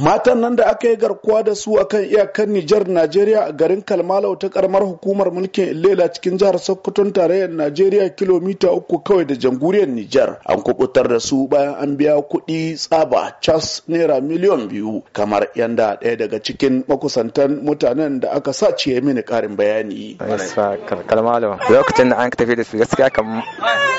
matan nan da aka yi garkuwa da su a kan iyakar Nijar Najeriya a garin Kalmalau ta karamar hukumar mulkin Ilela cikin jihar Sokoton tarayyar Najeriya kilomita uku kawai da jamhuriyar Nijar an kubutar da su bayan an biya kuɗi tsaba cas naira miliyan biyu kamar yadda ɗaya daga cikin makusantan mutanen da aka sa ciye mini ƙarin bayani. lokacin da an tafi da su gaskiya kan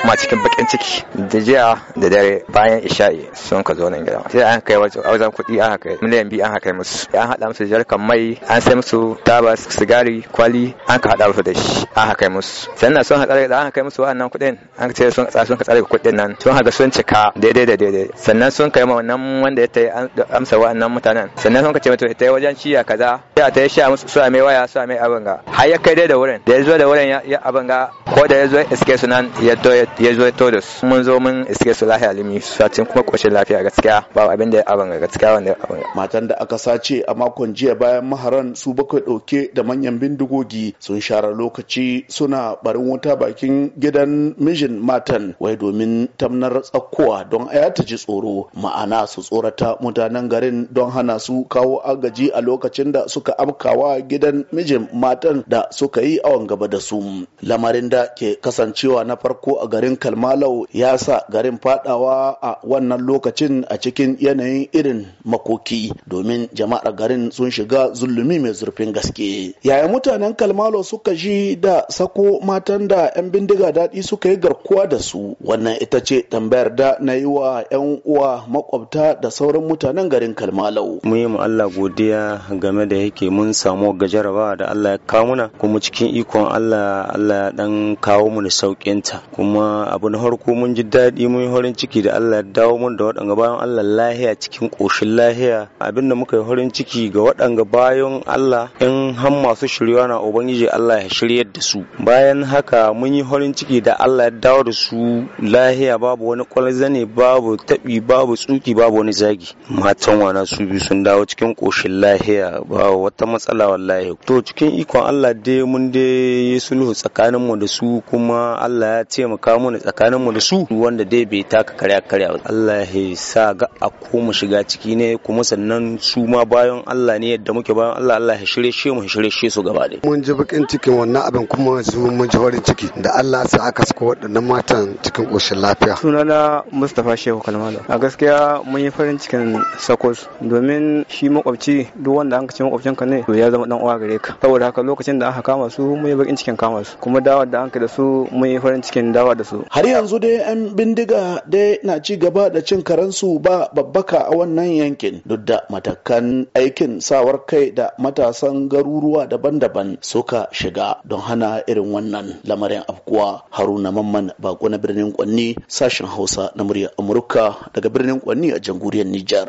ma cikin bakin ciki da jiya da dare bayan isha'i sun ka zo nan gida sai an kai wajen kuɗi aka kai miliyan biyu an haka musu an haɗa musu jarkan mai an sai musu tabas sigari kwali an ka haɗa musu da shi an haka musu sannan sun haɗa da an haka musu wa'annan kuɗin an ce sun sun ka tsare kuɗin nan sun haka sun cika daidai da daidai sannan sun kai ma wannan wanda ya ta amsa wa'annan mutanen sannan sun ka ce ta yi wajen ciya kaza ya ta yi sha musu su mai waya su mai abin ga har ya kai dai da wurin da ya zo da wurin ya abin ga ko da ya zo iske su nan ya zo ya to da su mun zo mun iske su lafiya limi su kuma ƙoshin lafiya gaskiya ba abin da abin ga gaskiya wanda abin matan da aka sace a makon jiya bayan maharan su bakwai ɗauke da manyan bindigogi sun share lokaci suna barin wuta bakin gidan mijin matan wai domin tamnar tsakkuwa don aya ta ji tsoro ma'ana su tsorata mutanen garin don hana su kawo agaji a lokacin da suka amkawa gidan mijin matan da suka yi awon gaba da su lamarin da ke kasancewa na farko a garin kalmalau ya sa garin fadawa a wannan lokacin a cikin yanayin irin makoki ciki domin jama'ar garin sun shiga zulumi mai zurfin gaske Yaya mutanen kalmalo suka ji da sako matan da 'yan bindiga daɗi suka yi garkuwa da su wannan ita ce tambayar da na yi wa 'yan uwa makwabta da sauran mutanen garin kalmala. mu yi Allah godiya game da yake mun samu gajaraba da Allah ya kawo muna kuma cikin ikon Allah Allah ya dan kawo mu da ta. kuma abu na farko mun ji daɗi mun yi horin ciki da Allah ya dawo mun da waɗanda bayan Allah lahiya cikin ƙoshin lahiya abin da muka yi horin ciki ga waɗanga bayan Allah in har masu shirya na ubangiji Allah ya shiryar da su bayan haka mun yi horin ciki da Allah ya dawo da su lahiya babu wani kwalzane babu taɓi babu tsuki babu wani zagi matan wana su biyu sun dawo cikin ƙoshin lahiya ba wata matsala wallahi to cikin ikon Allah dai mun dai yi sulhu tsakanin mu da su kuma Allah ya taimaka tsakanin mu da su wanda dai bai taka karya karya Allah ya sa ga a mu shiga ciki ne kuma sannan su ma bayan Allah ne yadda muke bayan Allah Allah ya shirye shi mu shirye shi su gaba da Mun ji bakin cikin wannan abin kuma su mun ji farin ciki da Allah sa aka sako waɗannan matan cikin koshin lafiya. Sunana Mustapha Shehu Kalmalo. A gaskiya mun yi farin cikin sakos domin shi makwabci duk wanda an kace makwabcin ka ne to ya zama dan uwa gare ka. Saboda haka lokacin da aka kama su mun yi bakin cikin kama su kuma dawa da an da su mun yi farin cikin dawa da su. Har yanzu dai an bindiga dai na ci gaba da cin karansu ba babbaka a wannan yankin. duk da matakan aikin sawar kai da matasan garuruwa daban-daban suka shiga don hana irin wannan lamarin afkuwa haruna mamman bako na birnin kwanni sashen hausa na murya amurka daga birnin kwanni a jamhuriyar nijar